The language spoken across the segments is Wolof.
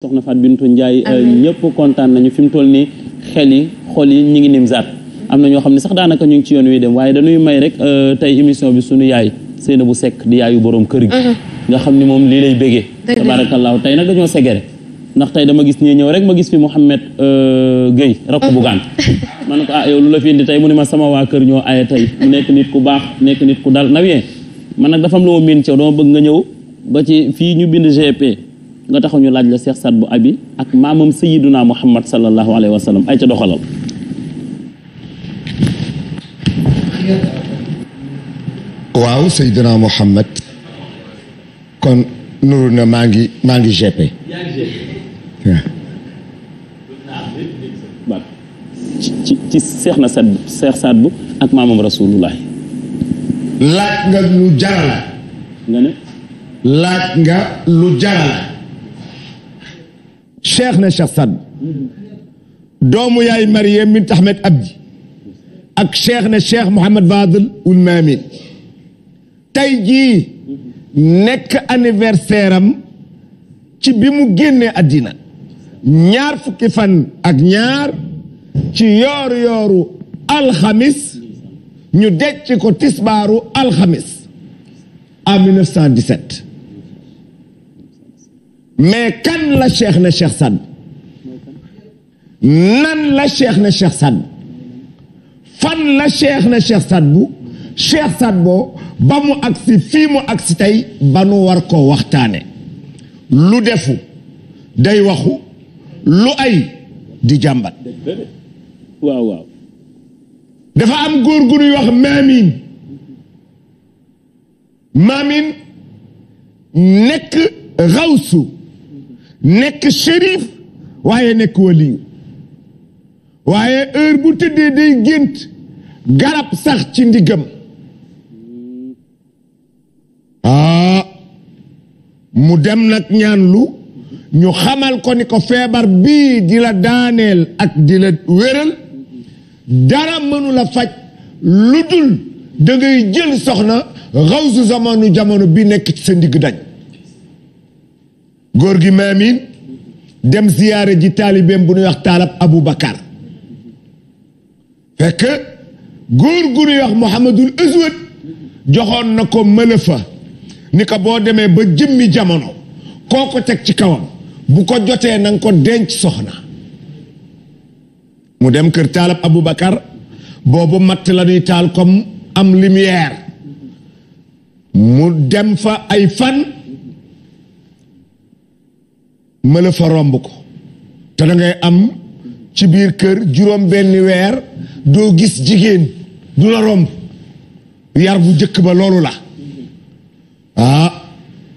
soxna Fatou Bintou Ndiaye euh, ñëpp kontaan nañu fi mu toll nii xel yi xol yi ñu ngi Nimzaat am na ñoo xam ne sax daanaka ñu ngi ci yoon wi dem waaye dañuy may rek euh, tey émission bi suñu yaay Seyna bu Seck di yaayu borom kër gi mhm. nga xam ni moom lii lay bégee tabaarakallaahu tey nag dañoo segere ndax tey dama gis ñii ñëw rek ma gis fi Mouhamed euh, Gueye rakk bu gaan ma ne ko ah yow lu la fi indi tey mu ne ma sama waa kër ñoo aye tey mu nekk nit ku baax nekk nit ku dal nawee man nga ñëw ba ci nga taxaw ñu laaj la Cheikh Saad bu abi ak maamam Sayyiduna Muhammad sallallahu alayhi wa sallam ay ca doxalal. waaw Sayyiduna Muhammad kon nuru na maa ngi maa ngi GP. waaw. ci ci ci Cheikh na Saad Cheikh bu ak maamam Rasulullah. laaj nga lu jaral. Cheikhna Cheikh Saad doomu yaay Mariyam bint Ahmed Abdi ak Cheikhna Cheikh Mouhamed Fadel ul Maami tey jii nekk anniversaire ci bi mu génnee àddina ñaar fukki fan ak ñaar ci yooru yooru alxamis ñu decc ko tisbaaru alxamis en 1917 mais kan la cheikh na cheikh Saad nan la cheikh na cheikh Saad fan la cheikh na cheikh Saad bu cheikh Saad boo ba mu agsi fii mu agsi tey ba nu war ko waxtaane lu defu day waxu lu ay di jàmbat dafa am góor gu ñuy wax maamin maamin nekk xawsu nekk shérif waaye nekk waliyu waaye heure bu tëddee day gént garab sax ci ndiggam ah mu dem nag ñaan lu ñu xamal ko ni ko feebar bii di la daaneel ak di la wéral dara mënu faj lu dul da jël soxna xawsu zamanu jamono bi nekk ci sa ndigg dañ góor gi maamin dem ziyaare ji taalibeem bu ñuy wax taalab Abu Bakar fekk góor gu ñuy wax Muhammadul Aswad joxoon na ko mëlëfa ni ko boo demee ba jëmmi jamono koo ko teg ci kawam bu ko jotee na ko denc soxna mu dem kër taalab Abu Bakar boobu matt la ñuy taal comme am lumière mu dem fa ay fan mëla fa romb ko te da ngay am ci biir kër juróom benni weer doo gis jigéen du la romb yar bu jëkk ba loolu la ah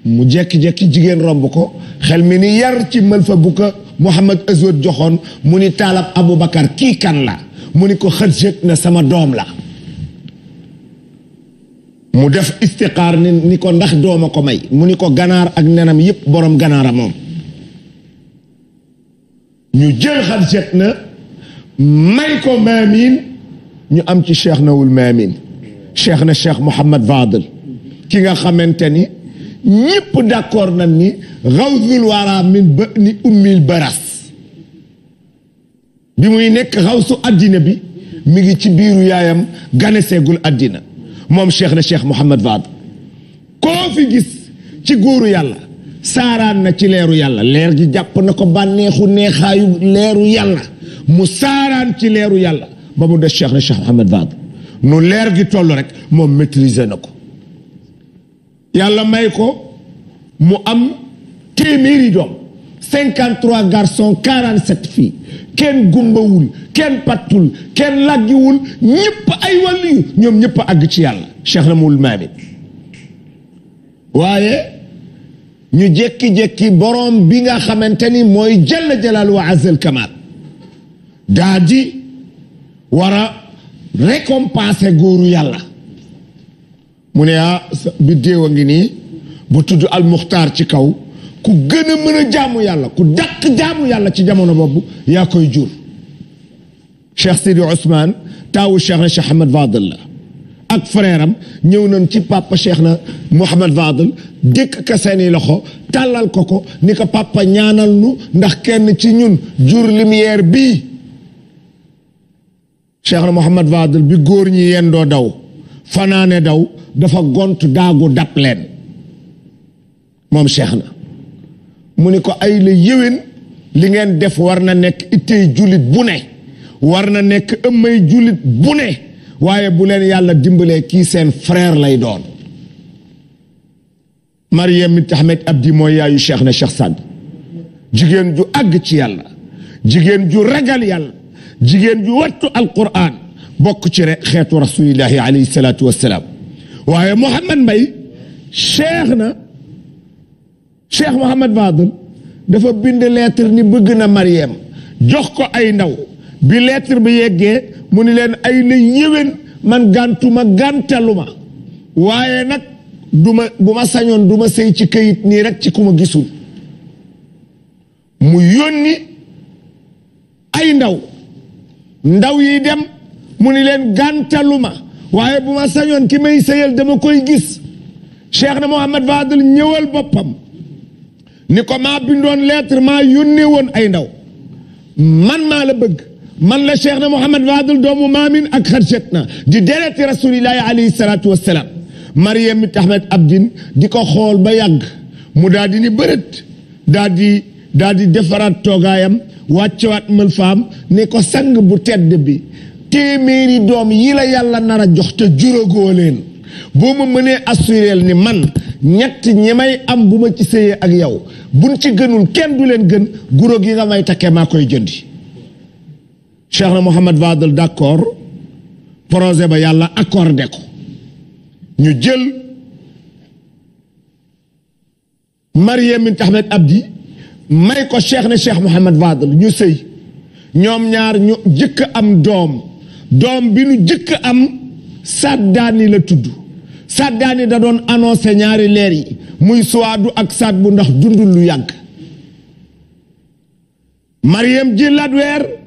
mu jekki-jekki jigéen romb ko xel mi ni yar ci mël fa bu ko Muhammad Azwad joxoon mu ni taalab Aboubacar kii kan la mu ni ko xët na sama doom la mu def istiqaar ni ni ko ndax dooma ko may mu ni ko ganaar ak nenam yépp borom ganaara moom ñu jël xarjet na may ko maamin ñu am ci cheikh nawul maamin cheikh na cheikh Mouhamad Fadel ki nga xamante ni ñëpp d'accord nañ ni xawsul wara min ba ni baras bi muy nekk xawsu addina bi mi ngi ci biiru yaayam ganeseegul addina moom cheikh na cheikh Mouhamad Fadel koo fi gis ci góoru yàlla saaraan na ci leeru yàlla leer gi jàpp na ko bànneexu neexaayu leeru yàlla mu saaraan ci leeru yàlla ba mu des cheikh na cheikh Mouhamed Vaab nu leer gi toll rek moo maîtriser na ko yàlla may ko mu am téeméeri doom cinquante trois garçons quarante sept filles kenn gumbawul kenn pattul kenn làggiwul ñëpp ay wàllu ñoom ñëpp àgg ci yàlla cheikh na mul maamit waaye ñu jékki-jékki boroom bi nga xamante ni mooy jalla jalal wa azal kamal daa di war a yàlla mu ne ah biddéew ngi ni bu tudd almuxtaar ci kaw ku gën a mën a jaamu yàlla ku dàq jaamu yàlla ci jamono boobu yaa koy jur Cheikh Sidi Ousmane taawu Cheikh na Cheikh Ahmed Fadel ak frère ñëw nañ ci pàpp Cheikh na Mouhamad Fadel dékk ka seeni loxo tàllal ko ko ni ko papa ñaanal nu ndax kenn ci ñun jur lumière bii Cheikh na Mouhamad Fadel bi góor ñi doo daw fanaane daw dafa gont daagu dab leen moom Cheikh na mu ni ko ay yéwén li ngeen def war na nekk ittey jullit bu ne war na nekk ëmmay jullit bu ne waaye bu leen yàlla dimbalee kii seen frère lay doon Mariam Ahmed Abdi mooy yaayu cheikh na cheikh Saad jigéen ju àgg ci yàlla jigéen ju ragal yàlla jigéen ju wattu alquran bokk ci rek xeetu rasulillahi alayhi salaatu wassalaam waaye Mouhamad Mbaye cheikh na cheikh Mouhamad Fadel dafa bind lettre ni bëgg na Mariam jox ko ay ndaw bi lettre bi yeggee mu ni leen ay la yéwén man gàntuma gàntaluma waaye nag du ma bu ma sañoon du ma sëy ci këyit nii rek ci ku ma gisul mu yónni ay ndaw ndaw yi dem mu ni leen gàntaluma waaye bu ma sañoon ki may sëyal dama koy gis cheikh na Mouhamad Fadel ñëwal boppam ni ko maa bindoon lettre maa yónnee woon ay ndaw man maa la bëgg man la cheikh na Mouhamed Fadel doomu maamin ak xarcet na di dereti rasulillahi alayhi salaatu wassalaam Mariam it Ahmed Abdin di ko xool ba yàgg mu daal di ni bërët daal di daal di defaraat toogaayam wàccewaat mëlfaam ne ko sang bu tedd bi téeméeri doom yi la yàlla nar a jox te juróogoo leen boo ma mënee assureel ni man ñett ñi may am bu ma ci séyee ak yow buñ ci gënul kenn du leen gën guróog yi nga may takkee maa koy jëndi Cheikh na Mouhamad Fadel d'accord projet ba yàlla accordé ko ñu jël Mariam bint Ahmed Abdi may ko Cheikh na Cheikh Mouhamad Fadel ñu sëy ñoom ñaar ñu jëkk am doom doom bi ñu jëkk am Saddaani la tudd Saddaani da doon annoncé ñaari leer yi muy Suwaadu ak saat bu ndax dundul lu yàgg Mariam jillaat weer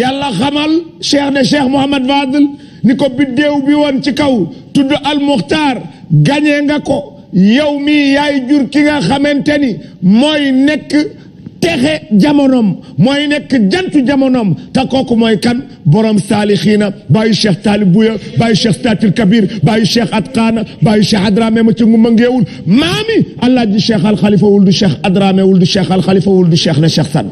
yàlla xamal cheikh de cheikh Mouhamad Fadel ni ko biddéew bi wan ci kaw tudd al muxtaar gañee nga ko yow mi yaay jur ki nga xamante ni mooy nekk texe jamonoom mooy nekk jantu jamonom te kooku mooy kan borom saalixiina bàyyi cheikh taalib buya bàyyi cheikh statil kabir bàyyi at atqaana bàyyi cheikh adrame ma ci nguma ngeewul maami allah ji cheikh alxalifa wul du cheikh adrame wul cheikh alxalifa wul du cheikh na cheikh san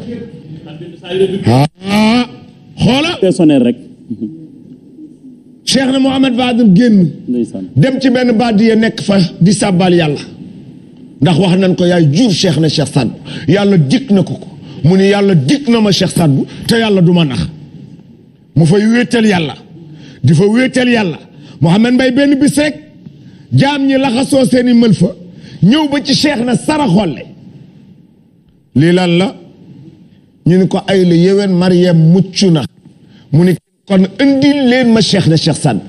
xoola personnel rek cheikh na Mouhamed Fadel génn dem ci benn baadiya nekk fa di sàbbal yàlla ndax wax nañ ko yaay jur cheikh na cheikh Sadbu yàlla dig na ko ko mu ni yàlla dig na ma cheikh Sadbu te yàlla du ma nax mu fay wéetal yàlla di fa wéetal yàlla Mouhamed Mbay benn bis rek jaam ñi laxasoo seen i mël fa ñëw ba ci cheikh na saraxolle lii lan la ñu ni ko ay la yéwén Mariam mucc na mu ni kon indil leen ma cheikh na cheikh Sall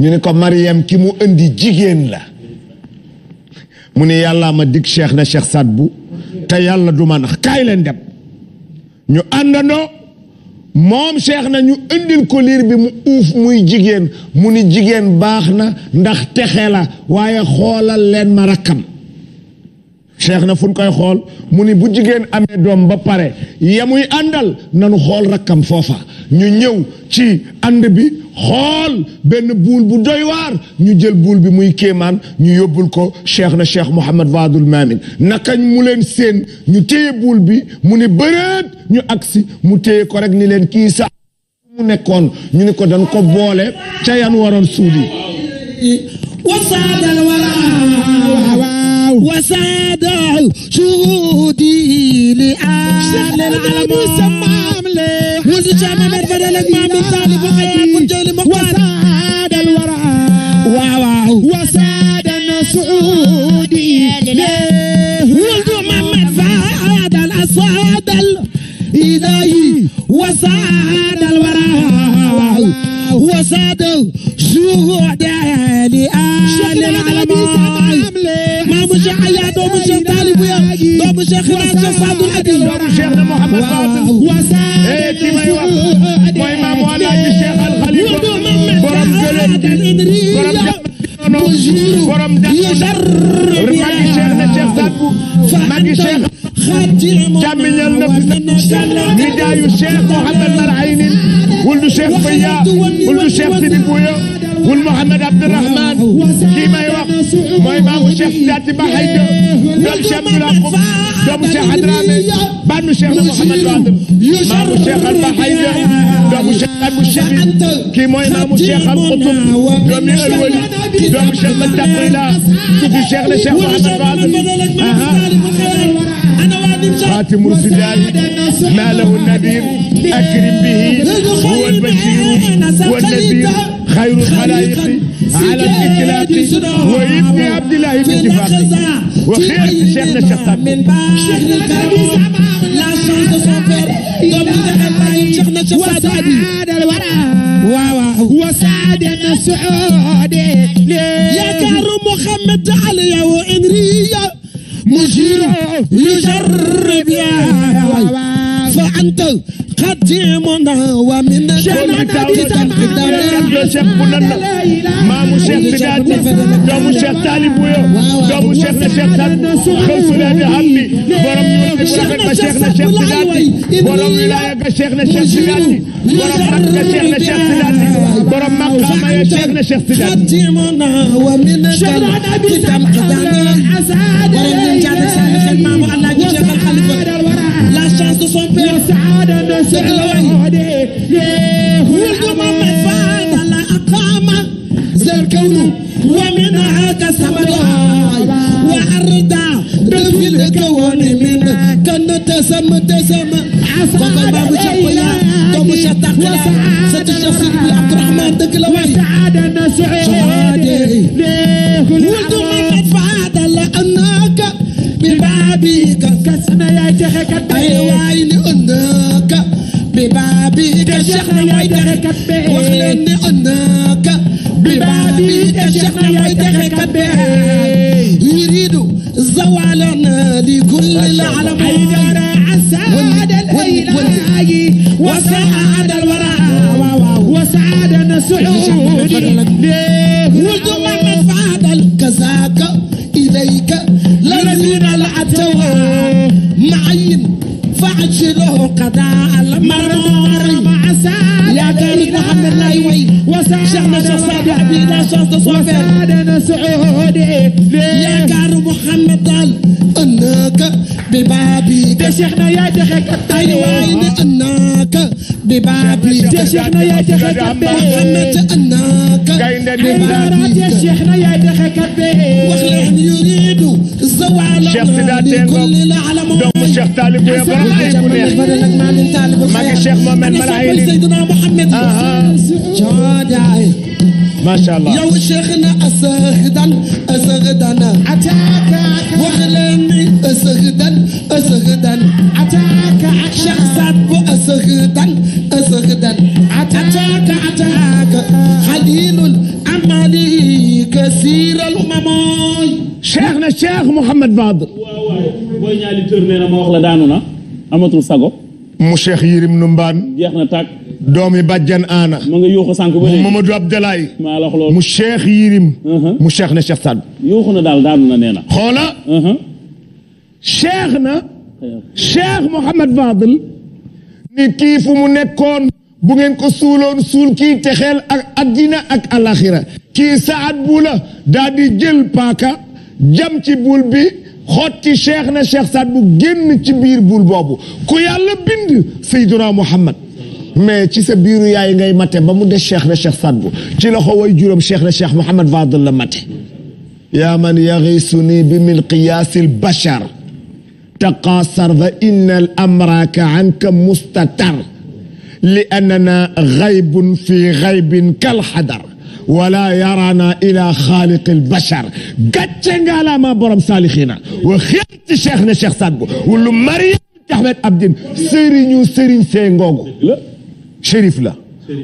ñu ne ko Mariam ki mu indi jigéen la mu ne yàllaa ma dig cheikh na cheikh Sall bu te yàlla du ma nax kaay leen dem ñu àndandoo moom cheikh na ñu indil ko liir bi mu uuf muy jigéen mu ni jigéen baax na ndax texe la waaye xoolal leen ma rakkam cheikh na fu ñu koy xool mu ni bu jigéen amee doom ba pare yamuy àndal nanu xool rakkam foofa ñu ñëw ci ànd bi xool benn buul bu doy war ñu jël buul bi muy kéemaan ñu yóbbul ko cheikh na cheikh Mouhamad Waadul Maamin nakañ mu leen seen ñu téye buul bi mu ni bëreet ñu agsi mu téye ko rek ni leen kii sa mu nekkoon ñu ne ko dañ ko boole ca yan waroon وساد الورى وساد الشهود لآل العالم سمام لي وسجان الفرل الإمام الطالب وحياة الجيل مختار وساد الورى واو وساد السعود ولد محمد فاد الأسود الإلهي وساد الورى وصادو شهود لآل العالمين maamu Cheikh Aya doomu Cheikh Talib ya doomu Cheikh Ibrahima Cheikh Sadul Adil doomu Cheikh na Mouhamad Fadil wasaare ki may wax mooy maamu Alaaji Cheikh Al Khalifa borom gëlëm borom jamono borom jamono maa ngi Cheikh na Cheikh Sadou maa ngi Cheikh جامع النفس نداء الشيخ محمد العين ولد الشيخ فيا ولد الشيخ سيدي بويا ولد محمد عبد الرحمن كيما يوقف موي مامو الشيخ ذاتي بحيد دوم الشيخ ملاقب دوم الشيخ حضرامي بانو الشيخ محمد وادم مامو الشيخ البحيد دوم الشيخ ابو الشبيب كي موي مامو الشيخ القطب دوم الولي دوم الشيخ متقبلا دوم الشيخ الشيخ محمد وادم خاتم الرسلان ما له النذير أكرم به هو البشير والنذير خير الخلائق على الإطلاق وابن عبد الله بن جفاقي وخير شيخنا الشيخ من شيخنا الخبيث لا شانس صفر وسعاد الورى وسعادنا سعودي يا كرم محمد علي وإنريا بشير لشر بيا فأنت xadim ndaw amin Joseph Bounana maamu Cheikh Bidaati doomu Cheikh Taalib Buyo doomu Cheikh na Cheikh Tan xaw sula di hammi borom ñu Cheikh na Cheikh na Cheikh Bidaati borom wilaya ga Cheikh na Cheikh Bidaati borom mak ga Cheikh na Cheikh Bidaati borom maqama ya Cheikh na Cheikh Bidaati xadim ndaw amin Cheikh na Cheikh Bidaati العين ومنها كسمرها وعرضها تفي الكون من كن تسم تسم عصا عليه سعودي ولد من فادل كذاك إليك الذين لأتوا معين فعجله قضاء المرار مع سعد يا كريم محمد لا يوي شعنا شخصاد وحبينا شخص صوفير وسعدنا سعودي يا كريم محمد انك ببابي شيخنا يا دخك الطيب حبابي يا شيخنا يا دخك محمد أناك حبابي يا شيخنا يا دخك وخلعن يريد الزوال لكل العالم دوم الشيخ طالب ويا براي ماك الشيخ مؤمن ملايين سيدنا محمد جادعي ما شاء الله يا شيخنا أسغدن أسغدن أتاك وخلعني أسغدن أسغدن أتاك شخصات بأسغدن Mouhamad Baad. waaw waaw booy ñaari tër nee na ma wax la daanu na amatul sago. mu Cheikh Yirim Numbaan. jeex na tàkk. doomi bàjjan aana. ma nga yuuxu sànq ba léegi Mamadou Abdalaay. maa la wax loolu mu Cheikh Yirim. Uh-huh. mu Cheikh na Cheikh Saad. yuuxu na daal daanu na nee na. xoola. Uh-huh. Cheikh na. Cheikh Mouhamad Fadel. ni kii fu mu nekkoon. bu ngeen ko suuloon suul kii texeel ak addina ak alaxira kii Saad bu la daal di jël paaka. jam ci bul bi xotti cheikh na cheikh Saad bu génn ci biir bul boobu ku yàlla bind Seydina Muhammad mais ci sa biiru yaay ngay mate ba mu des cheikh na cheikh Saad bu ci loxo way juróom cheikh na cheikh Muhammad Fadil la mate yaa man yagisuni bi milqiyaasi albashar taqaasar fa inna al amraka anka mustatar li annana gaybun fi gaybin kalxadar wala yarana ila xaaliqi albachar gàcce ngaalaama borom saalixiina wa xeerti cheikh ne cheikh sadbu wulu mariam ahmed abdin sëriñu sëriñ see ngoogu la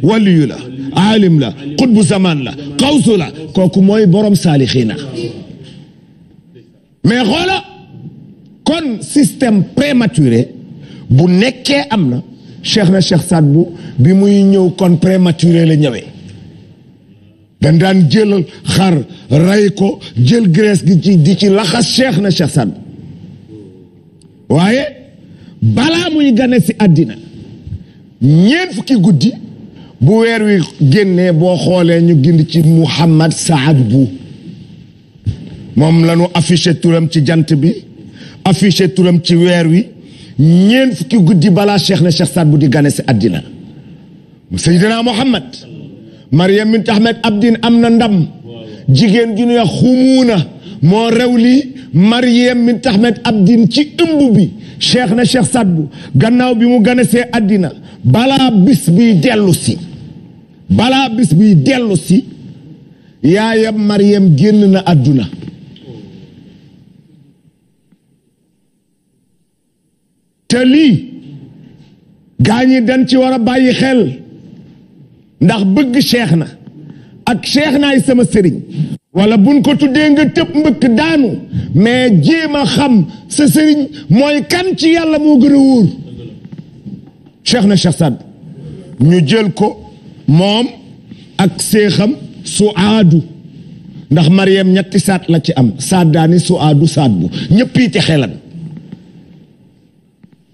waliyu la aalim la qutbu zaman la xawsu la kooku mooy borom saalixiina mais kon système prématuré bu nekkee am na cheikh na cheikh sadbu bi muy ñëw kon prématuré la ñëwee dañ daan jël xar ray ko gi di ci laxas cheikh na cheikh Saad waaye balaa muy gane si àddina ñeent fukki guddi bu weer wi boo xoolee ñu gind ci Mouhamad Saad bu moom la ñu affiché turam ci jant bi affiché turam ci weer wi ñeent fukki guddi balaa cheikh na cheikh Saad bu di gane si àddina Seydina Mouhamad Mariam bint Ahmed Abdin am na ndam jigéen ju ñuy moo rew lii Mariam bint Ahmed Abdin ci ëmb bi cheikh na cheikh Sadbu gannaaw bi mu ganesee àddina balaa bis biy balaa bis biy dellu yaayam Mariam génn na àdduna te lii gaa ñi dañ ci war a bàyyi xel ndax bëgg cheikh na ak cheikh naay sama sëriñ wala buñ ko tuddee nga tëb mbëkk daanu mais jéem a xam sa sëriñ mooy kan ci yàlla moo gën a wóor cheikh na cheikh ñu jël ko moom ak seexam su aadu ndax Mariam ñetti saat la ci am saat daani su aadu saat bu ñëpp yi te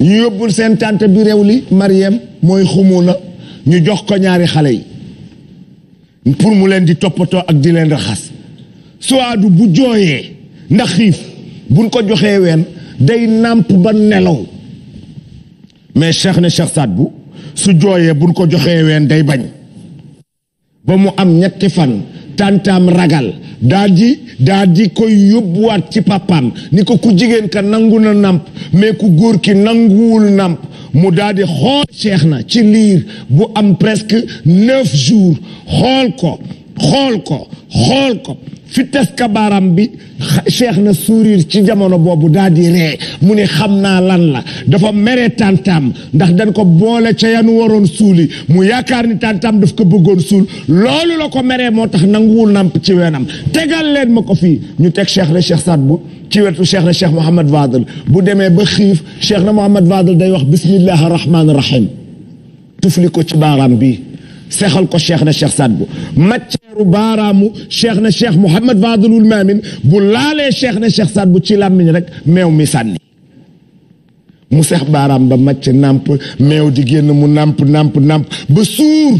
ñu yóbbul seen tante bi réew li Mariam mooy xumuna ñu jox ko ñaari xale yi pour mu leen di toppatoo ak di leen raxas suwaadu bu jooyee ndax xiif buñ ko joxee ween nàmp ba nelaw mais Cheikh ne bu su jooyee buñ ko joxee ween day bañ ba mu am ñetti fan tàntaam ragal daal di daal di koy yóbbuwaat ci papaam ni ko ku jigéen ka nangu na nàmp mais ku góor ki nanguwul nàmp mu daal di xool cheikh na ci liir bu am presque neuf jours xool ko xool ko xool ko fi tes ka baaraam bi cheikh na sourire ci jamono boobu daal di ree mu ne xam naa lan la dafa mere tàntaam ndax dan ko boole ca yanu waroon suuli mu yaakaar ni tàntaam daf ko bëggoon suul loolu la ko meree moo tax nanguwul namp ci weenam tegal leen ma ko fii ñu teg cheikh na cheikh Saad ci wetu cheikh na cheikh Mouhamad Fadel bu demee ba xiif cheikh na Mouhamad Fadel day wax bismillahi rahmaani rahim tufli ko ci baaraam bi sexal ko cheikh na cheikh Sadbu matière baaraamu cheikh na cheikh Mouhamad Fadelul Maamin bu laalee cheikh na cheikh Sadbu ci làmmiñ rek meew mi sànni mu sex baaraam ba màcc nàmp meew di génn mu nàmp nàmp nàmp ba suur.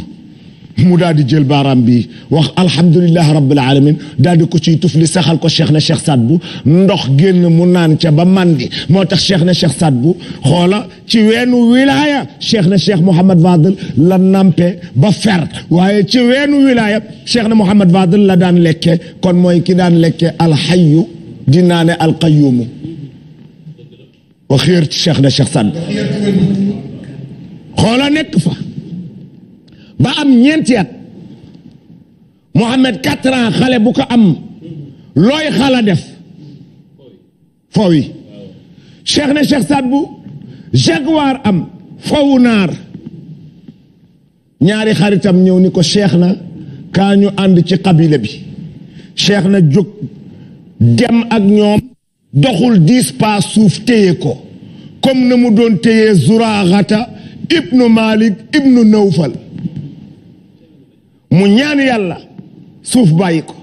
mu daal di jël baaraam bi wax alhamdulilahi rabbil alamin daal di ko ciy tufli saxal ko cheikh na cheikh saad bu ndox génn mu naan ca ba mandi moo tax cheikh na cheikh saad bu xoola ci weenu wilaya cheikh na cheikh mouhamad fadil la nampe ba fer waaye ci weenu wilaya cheikh na mouhamad fadil la daan lekke kon mooy ki daan lekke alxayu di naane alqayumu wa xiir ci cheikh na cheikh saad ba am ñeenti at Mohamed quatre ans xale bu ko am looy xala def foow yi Cheikh ne Cheikh Saad Bou am fowu naar ñaari xaritam ñëw ni ko Cheikh na kaa ñu ànd ci xabila bi Cheikh na jóg dem ak ñoom doxul dix pas suuf téye ko comme na mu doon téye Zuraxata ibnu Malik ibnu Nawfal mu ñaan yàlla suuf bàyyi ko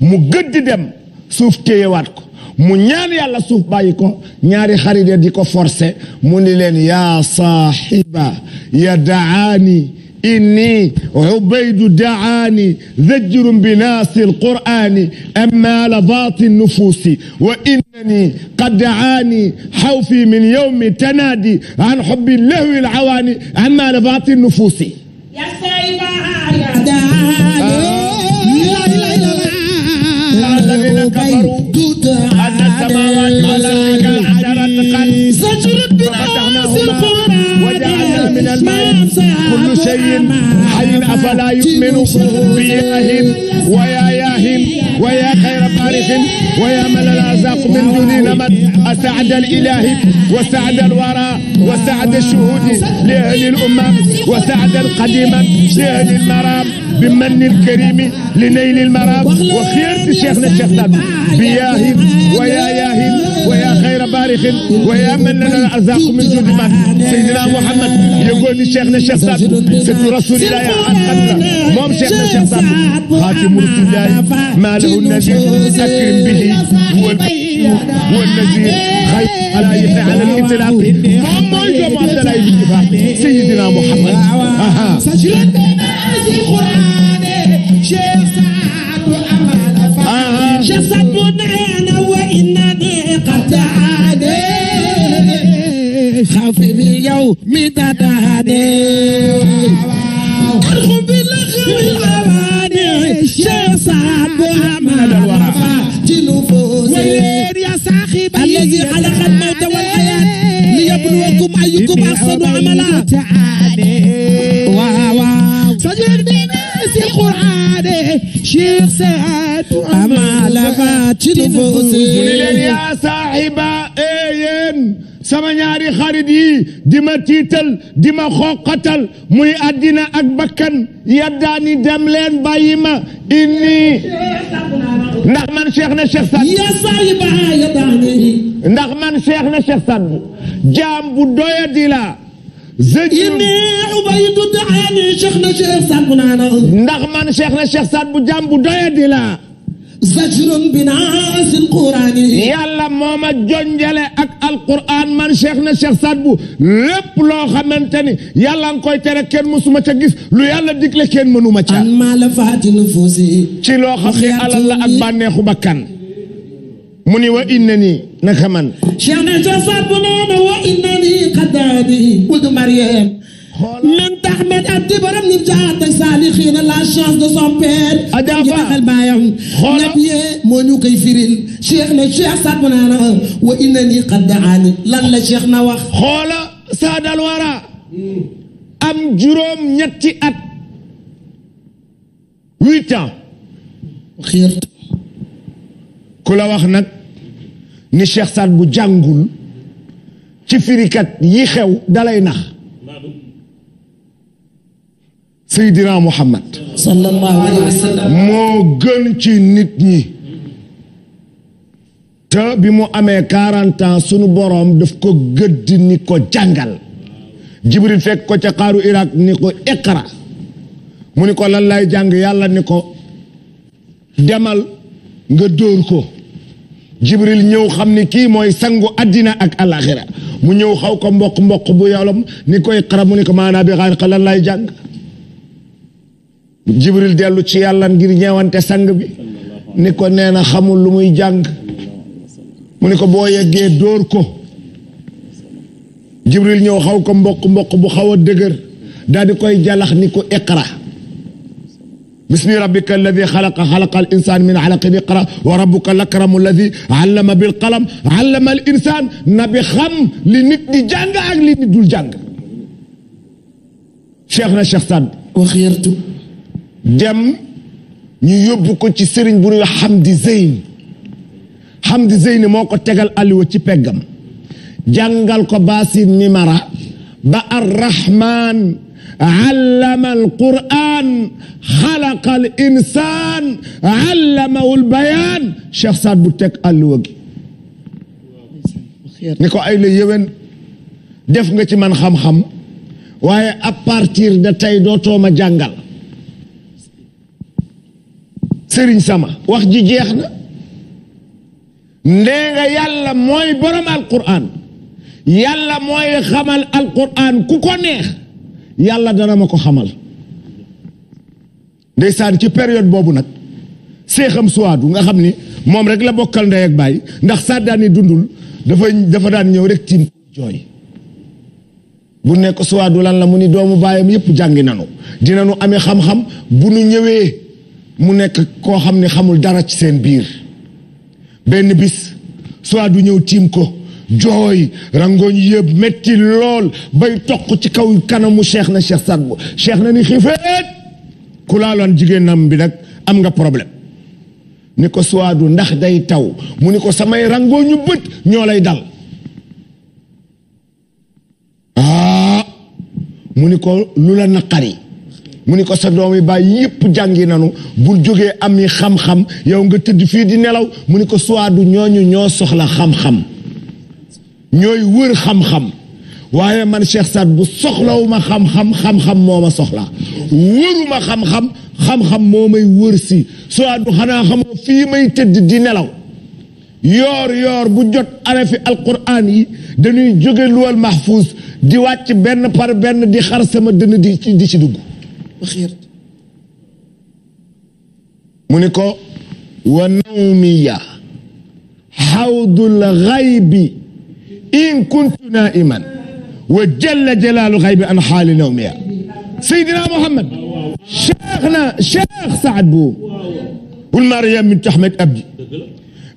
mu gëdd dem suuf téyewaat ko mu ñaan yàlla suuf bàyyi ko ñaari xarit di ko forcé mu ni leen yaa saaxiba ya daani inni ubaydu daani zajrun bi naasi alqur'ani amma la baati nufuusi wa innani qad daani xawfi min yowmi tanaadi an xubbi lahwi alcawaani amma la baati nufuusi الذين كفروا أن السماوات والأرض انحدرت قد زجرت بناصر وجعلنا من الماء كل شيء حي أفلا يؤمن بياهم ويا ياهم ويا خير طارق ويا من الأرزاق من دون نمط أسعد الإله وسعد الورى وسعد الشهود لأهل الأمم وسعد القديما لأهل المرام بمن الكريم لنيل المرام وخيرت شيخنا الشيخ بياهل ويا ياهل ويا خير بارخ ويا من لنا الارزاق من جود من سيدنا محمد يقول لشيخنا الشيخ سيد رسول الله يا عقلنا موم شيخنا الشيخ خاتم رسول الله ما وحده النذير أكرم به هو هو النذير خير على يحيى على الانطلاق مام ما يجوم عبد الله بالاتفاق سيدنا محمد أها سجلتنا في القرآن شيخ سعد وأمل أفعال شيخ سعد ونعينا وإنا قد تعاني خافي اليوم مدد هاني أرغب معاملة واو فجر دينا سي قرآن شيخ سعد أمال فاتش نفوسي يا صاحبة أين sama ñaari xarit yi dima ma tiital di ma xoqatal muy àddina ak bakkan yaddaani dem leen bàyyi ma inni ndax man cheikh na cheikh Saad Bou ndax man cheikh na cheikh Saad Bou bu doyadi la ndax man Cheikh na Cheikh Saad bu jàmm bu doyadi la. zajrun binaasil quraani. yàlla moo ma jonjale ak alquran man Cheikh na Cheikh Saad bu lépp loo xamante ni yàlla nga koy tere kenn mësuma ca gis lu yàlla digle kenn mënuma ca. ci loo xam ne alal la ak bànneexu bakkan mu ni wa inna nii naka man Cheikh na josat bu neena wa inna nii xaddaani wuld Mariam min taxmet ak di borom nib jaat ak saalixiina la chance de son père aji taxal baayam ñëpp yee moo ñu koy firil Cheikh ne Cheikh sat bu neena wa inna nii xaddaani lan la Cheikh na wax xoola saadal wara am juróom ñetti at huit ans xiir ku la wax nag ni Cheikh Saad bu jàngul ci firikat yi xew dalay nax Seydina Muhammad sallallahu moo gën ci nit ñi te bi mu amee quarante sunu boroom daf ko gëdd ni ko jàngal Jibril fekk ko ca xaaru Irak ni ko iqra mu ni ko lan lay jàng yàlla ni ko demal nga dóor ko jibril ñëw xam ni kii mooy sangu addina ak alaxira mu ñëw xaw ko mboq mboq bu yolom ni koy xaram mu ni ko maanaa bi xaar xalan lay jàng jibril dellu ci yàlla ngir ñeewante sang bi ni ko nee na xamul lu muy jàng mu ni ko boo yeggee dóor ko jibril ñëw xaw ko mboq mboq bu xaw a dëgër daal di koy jalax ni ko iqra bismi rabbika alladi xalaqa xalaqa al insaan min alaqin iqra wa rabbuka al akramu alladi allama bil qalam allama al insaan na bi xam li nit di jàng ak li nit dul jàng. cheikh na cheikh Saad. wax yartu. dem ñu yóbbu ko ci sëriñ bu ñuy wax Hamdi Zeyn Hamdi Zeyn moo ko tegal aliwa ci peggam jàngal ko baasin mimara ba ar rahman. allama alquran xalaqa al insan allamahu lbayaan Cheikh Saad bu teg àlluwa gi ni ko ay la yéwén def nga ci man xam-xam waaye à partir de tey dootoo ma jàngal sëriñ sama wax ji jeex na ndee nga yàlla mooy borom alquran yàlla mooy xamal alquran ku ko neex yàlla dana ma ko xamal ndeysaan ci période boobu nag seexam suwaadu nga xam ni moom rek la bokkal ndey ak baay ndax sàddaan yi dundul dafa dafa daan ñëw rek tiim jooy bu nekk suwaadu lan la mu ni doomu baayam yépp jàngi nanu dinanu amee xam-xam bu nu ñëwee mu nekk koo xam ne xamul dara ci seen biir benn bis suwaadu ñëw tiim ko jooy rangoñ yëpp metti lool bay toq ci kaw kanamu cheikh na cheikh Saad Bou na ni xiifeet ku laaloon jigéenam bi nag am nga problème ni ko suwaadu ndax day taw mu ni ko samay rangoñu bët ñoo lay dal aa ah! ni ko lu la naqari mu ni ko sa doom yi bàyyi yëpp jàngi nanu bu jógee am yi xam-xam yow nga tëdd fii di nelaw mu ni ko suwaadu ñooñu ñoo soxla xam-xam ñooy wër xam-xam waaye man Cheikh Saad bu soxlawuma xam-xam xam-xam moo ma soxla wëruma xam-xam xam-xam moo may wër si soo du xanaa xamoo fii may tëdd di nelaw yoor yor bu jot arafi alquran yi dañuy jóge luwal mahfuus di wàcc benn par benn di xar sama dënn di di ci dugg mu ni ko wa nawmiya xawdul xaybi in kuntu naiman wa jalla jalaalu xaybi an xaali nawmiya Seydina Mohamed cheikh na cheikh Saad Bou bul Mariam bint Ahmed Abdi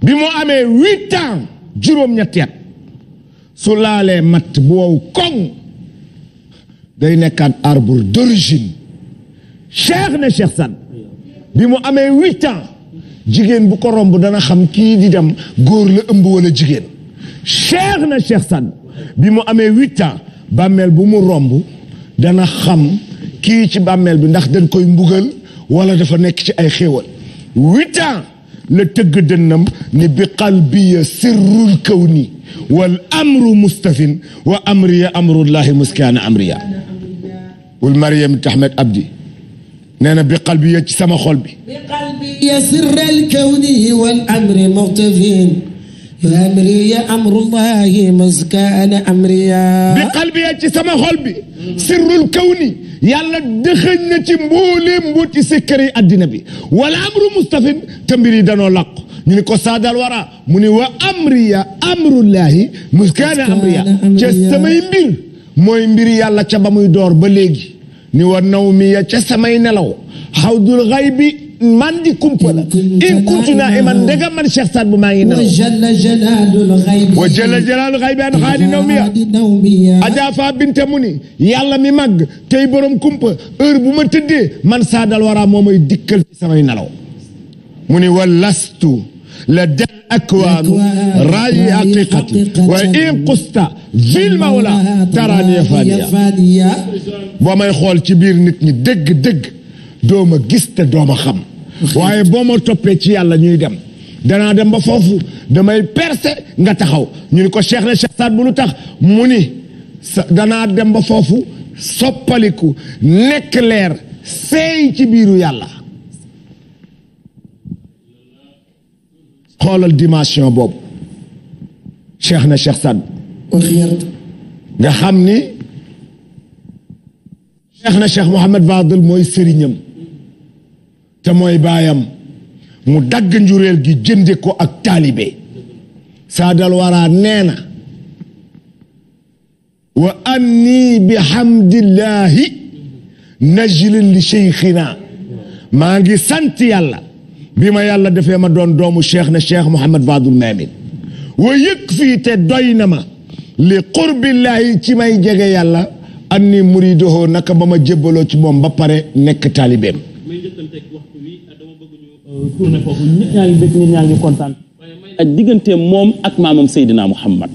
bi mu amee huit ans juróom-ñetti at su laalee matt bu wow koŋ day nekkaat arbre d'origine cheikh na cheikh Saad bi mu amee huit ans jigéen bu ko romb dana xam kii di dem góor la ëmb wala jigéen cheikh na cheikh Sadou bi mu amee huit ans bàmmeel bu mu romb dana xam kii ci bàmmeel bi ndax dañ koy mbugal wala dafa nekk ci ay xéewal huit ans la tëgg dënnam ni bi qalbiya sirrul kawni wal amru mustafin wa amriya amrullahi muskaana amriya wal mariam tahmed abdi nee na bi qalbiya ci sama xol bi bi qalbiya sirrul kawni wal amri mustafin lamriya amrullahi maskaana amriya bi qalbiya ci sama xol bi sirrul kawni yàlla dëxëñ na ci mbooleem mbooti sikkari addina bi wala amru mustafin te mbir yi danoo làqu ñu ni ko saadal wara mu ni wa amriya amrullahi maskaana amriya ca samay mbir mooy mbir yàlla ca ba muy door ba léegi ni wa nawmiya ca samay nelaw xawdul xaybi man di kumpa la in kuntu naa iman ndegam man Cheikh Saad Bou maa ngi nelaw. wa jalla jalaalul xaybi. wa jalla jalaalul xaybi an xaali nawmiya. Adja Fa Binte mu ni yàlla mi màgg tey borom kumpa heure bu ma tëddee man Saadal wara moo may dikkal ci samay nelaw. mu ni wa lastu la del akwaanu raayi haqiqati wa in qusta vil mawla taraani faaniya boo may xool ci biir nit ñi dëgg dëgg dooma gis te dooma xam. waaye boo ma toppee ci yàlla ñuy dem danaa dem ba foofu damay percer nga taxaw ñu ni ko Cheikh na Cheikh Saad bu tax mu ni danaa dem ba foofu soppaliku nekk leer seey ci biiru yàlla xoolal dimension boobu Cheikh na Cheikh Saad nga xam ni Cheikh na Cheikh Mouhamed Fadel mooy sëriñam te mooy baayam mu dagg njureel gi jënde ko ak taalibe saadal waraa nee na wa anni bi hamdillahi najlin li cheikhina maa ngi sant yàlla bi ma yàlla defee ma doon doomu cheikh na cheikh Mouhamed Fadul Mamin wa yëg te doy na ma li qurbillaahi ci may jege yàlla anni muridohoo naka ba ma jébbaloo ci moom ba pare nekk taalibeem njëkkanteeg waxtu wi ah, dama bëgg ñu euh, tourné foofu ñëpp ñaa ngi bëgg ñaa ngi kontaan waaye may ak digganteem moom ak maamam Seydina Muhammad